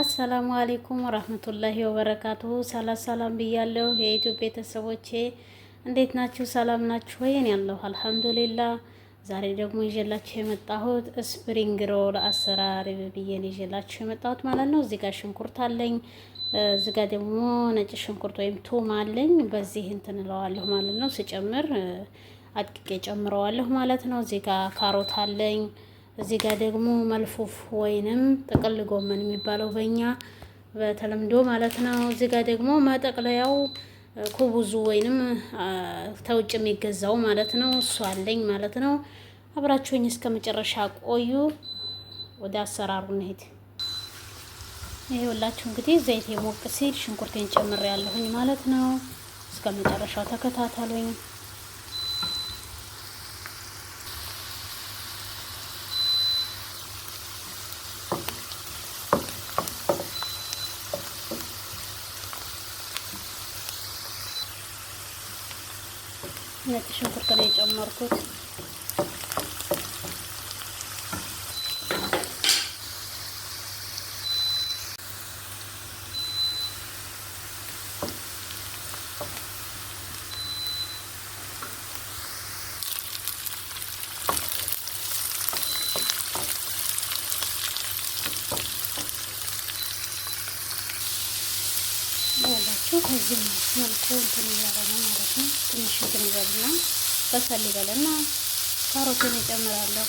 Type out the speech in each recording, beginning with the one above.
አሰላሙ አሌይኩም ወራህመቱላሂ ወበረካቱ። ሰላም ሰላም ብያለሁ የኢትዮጵያ ቤተሰቦቼ እንዴት ናችሁ? ሰላም ናችሁ ወይ? እኔ ያለሁ አልሐምዱሊላ። ዛሬ ደግሞ ይዤላችሁ የመጣሁት ስፕሪንግ ሮል አሰራር ብዬ ይዤላችሁ የመጣሁት ማለት ነው። እዚህ ጋር ሽንኩርት አለኝ፣ እዚህ ጋር ደግሞ ነጭ ሽንኩርት ወይም ቱም አለኝ። በዚህ እንትን እለዋለሁ ማለት ነው። ስጨምር አድቅቄ ጨምረዋለሁ ማለት ነው። እዚህ ጋር ካሮት አለኝ እዚህ ጋር ደግሞ መልፉፍ ወይንም ጥቅል ጎመን የሚባለው በእኛ በተለምዶ ማለት ነው። እዚህ ጋር ደግሞ መጠቅለያው ኩቡዙ ወይንም ተውጭ የሚገዛው ማለት ነው። እሱ አለኝ ማለት ነው። አብራችሁኝ እስከ መጨረሻ ቆዩ። ወደ አሰራሩ እንሄድ። ይሄ ሁላችሁ እንግዲህ ዘይቴ ሞቅ ሲል ሽንኩርቴን ጨምሬ ያለሁኝ ማለት ነው። እስከ መጨረሻው ተከታተሉኝ። ነጭ ሽንኩርት ነው የጨመርኩት። ናቸው። ከዚህ መልኩ እንትን እያለ ነው ማለት ነው። ትንሽ እንትን ይበልና በሰል ይበልና ካሮትን ይጨምራለሁ።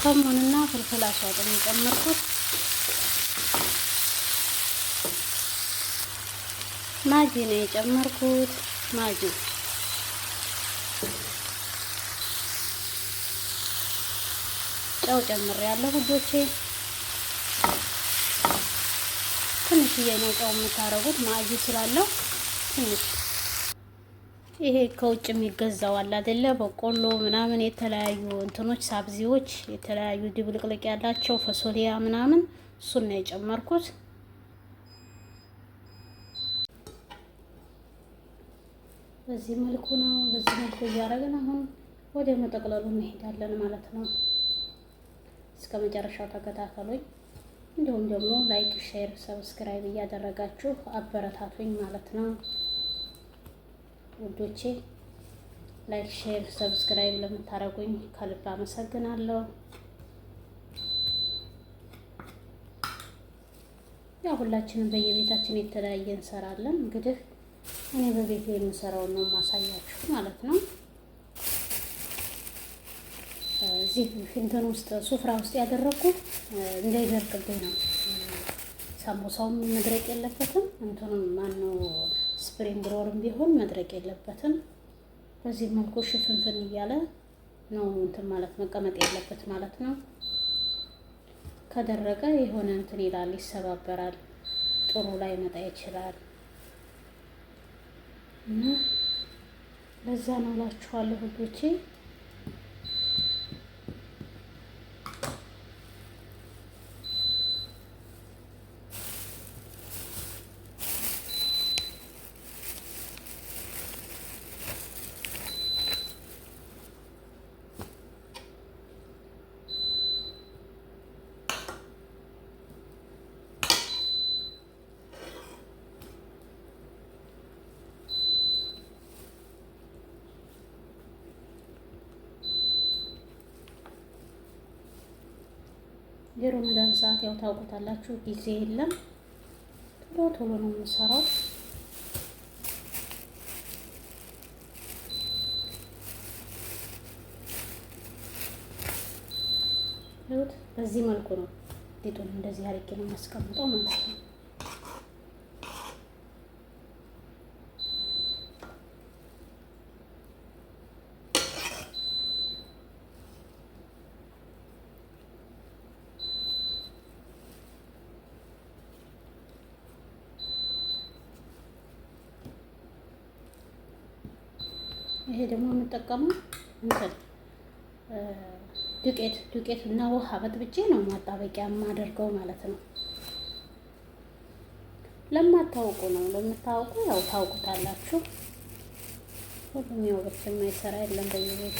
ከሙንና ፍልፍል አስዋጥን የጨመርኩት ማጂ ነው የጨመርኩት ማጂ ጨው ጨምሬያለሁ ውዶቼ። ትንሽዬ ነው ጨው የምታረጉት ማዕጅ ስላለው ትንሽ። ይሄ ከውጭ የሚገዛው አለ አይደለ? በቆሎ ምናምን የተለያዩ እንትኖች ሳብዚዎች፣ የተለያዩ ድብልቅልቅ ያላቸው ፈሶሊያ ምናምን እሱን ነው የጨመርኩት። በዚህ መልኩ ነው በዚህ መልኩ እያደረግን አሁን ወደ መጠቅለሉ እንሄዳለን ማለት ነው። እስከ መጨረሻው ተከታተሉኝ። እንዲሁም ደግሞ ላይክ፣ ሼር፣ ሰብስክራይብ እያደረጋችሁ አበረታቱኝ ማለት ነው ውዶቼ። ላይክ፣ ሼር፣ ሰብስክራይብ ለምታደርጉኝ ከልብ አመሰግናለሁ። ያው ሁላችንም በየቤታችን የተለያየ እንሰራለን። እንግዲህ እኔ በቤት የምሰራውን ነው ማሳያችሁ ማለት ነው። እዚህ እንትን ውስጥ ሱፍራ ውስጥ ያደረግኩ እንዳይደርቅብኝ ነው። ሳምቦሳውም መድረቅ የለበትም። እንትኑም ማነው ስፕሪንግ ሮርም ቢሆን መድረቅ የለበትም። በዚህ መልኩ ሽፍንፍን እያለ ነው እንትን ማለት መቀመጥ ያለበት ማለት ነው። ከደረቀ የሆነ እንትን ይላል፣ ይሰባበራል፣ ጥሩ ላይ መጣ ይችላል እና ለዛ ነው እላችኋለሁ ሁሎቼ የረመዳን ሰዓት ያው ታውቁታላችሁ፣ ጊዜ የለም። ቶሎ ቶሎ ነው የምንሰራው። በዚህ መልኩ ነው ሊጡን እንደዚህ አድርጌ ነው የማስቀምጠው ማለት ነው። ይሄ ደግሞ የምጠቀመው እንትን ዱቄት ዱቄት እና ውሃ በጥብጬ ነው ማጣበቂያ የማደርገው ማለት ነው። ለማታውቁ ነው ለምታውቁ ያው ታውቁታላችሁ። ሁሉም ያው ብቻ የማይሰራ የለም በየቤቱ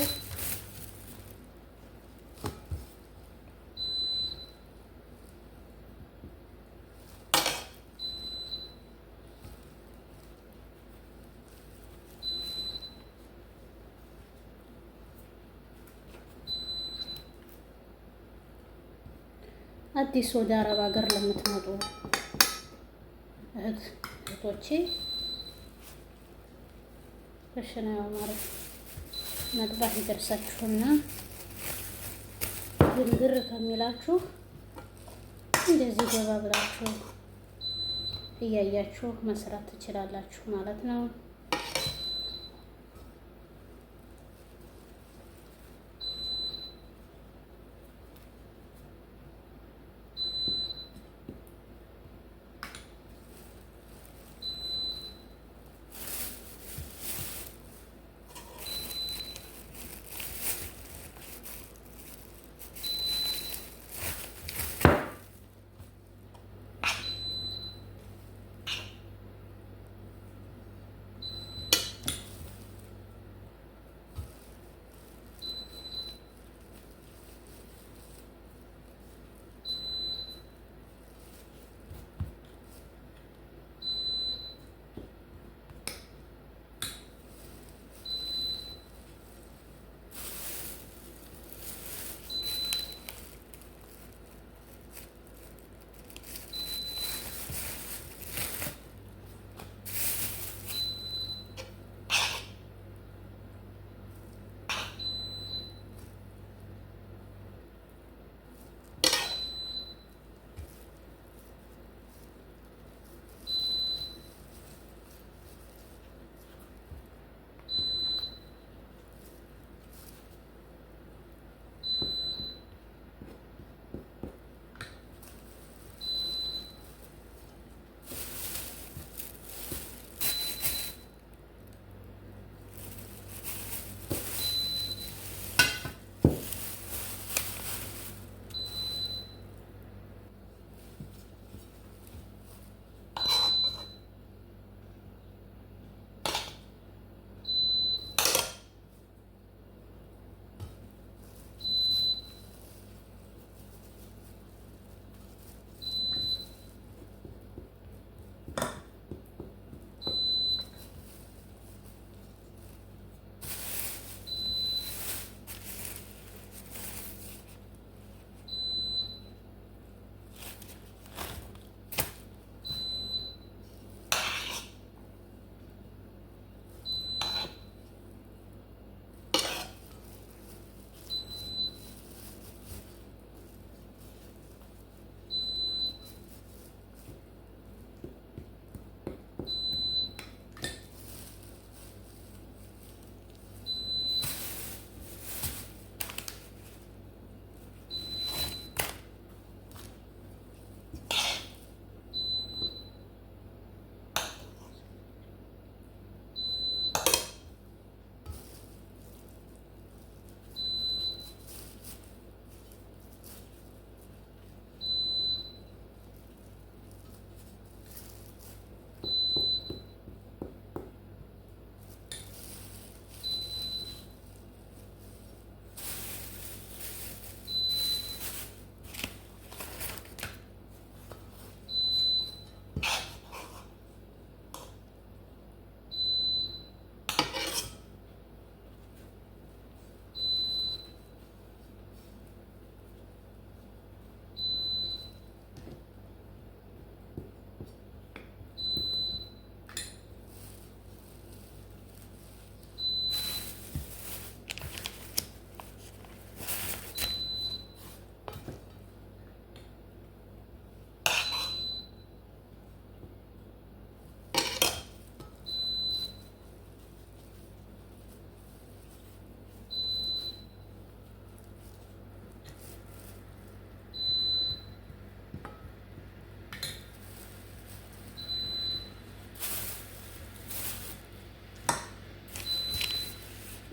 አዲስ ወደ አረብ ሀገር ለምትመጡ እህት እህቶቼ በሽናው ማለት መጥባህ ይደርሳችሁና ግርግር ከሚላችሁ እንደዚህ ገባ ብላችሁ እያያችሁ መስራት ትችላላችሁ ማለት ነው።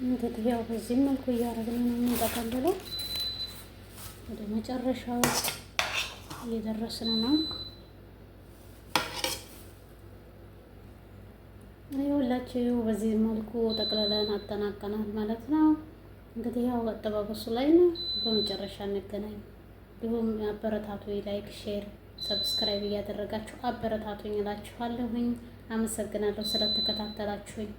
እንግዲህ ያው በዚህም መልኩ እያደረግን ነው የምንጠቀልለው። ወደ መጨረሻው እየደረስን ነው። ይኸውላችሁ በዚህ መልኩ ጠቅልለን አጠናቀናል ማለት ነው። እንግዲህ ያው አጠባበሱ ላይ ነው። በመጨረሻ እንገናኝ። እንዲሁም አበረታቱ፣ ላይክ፣ ሼር፣ ሰብስክራይብ እያደረጋችሁ አበረታቱኝ እላችኋለሁኝ። አመሰግናለሁ ስለተከታተላችሁኝ።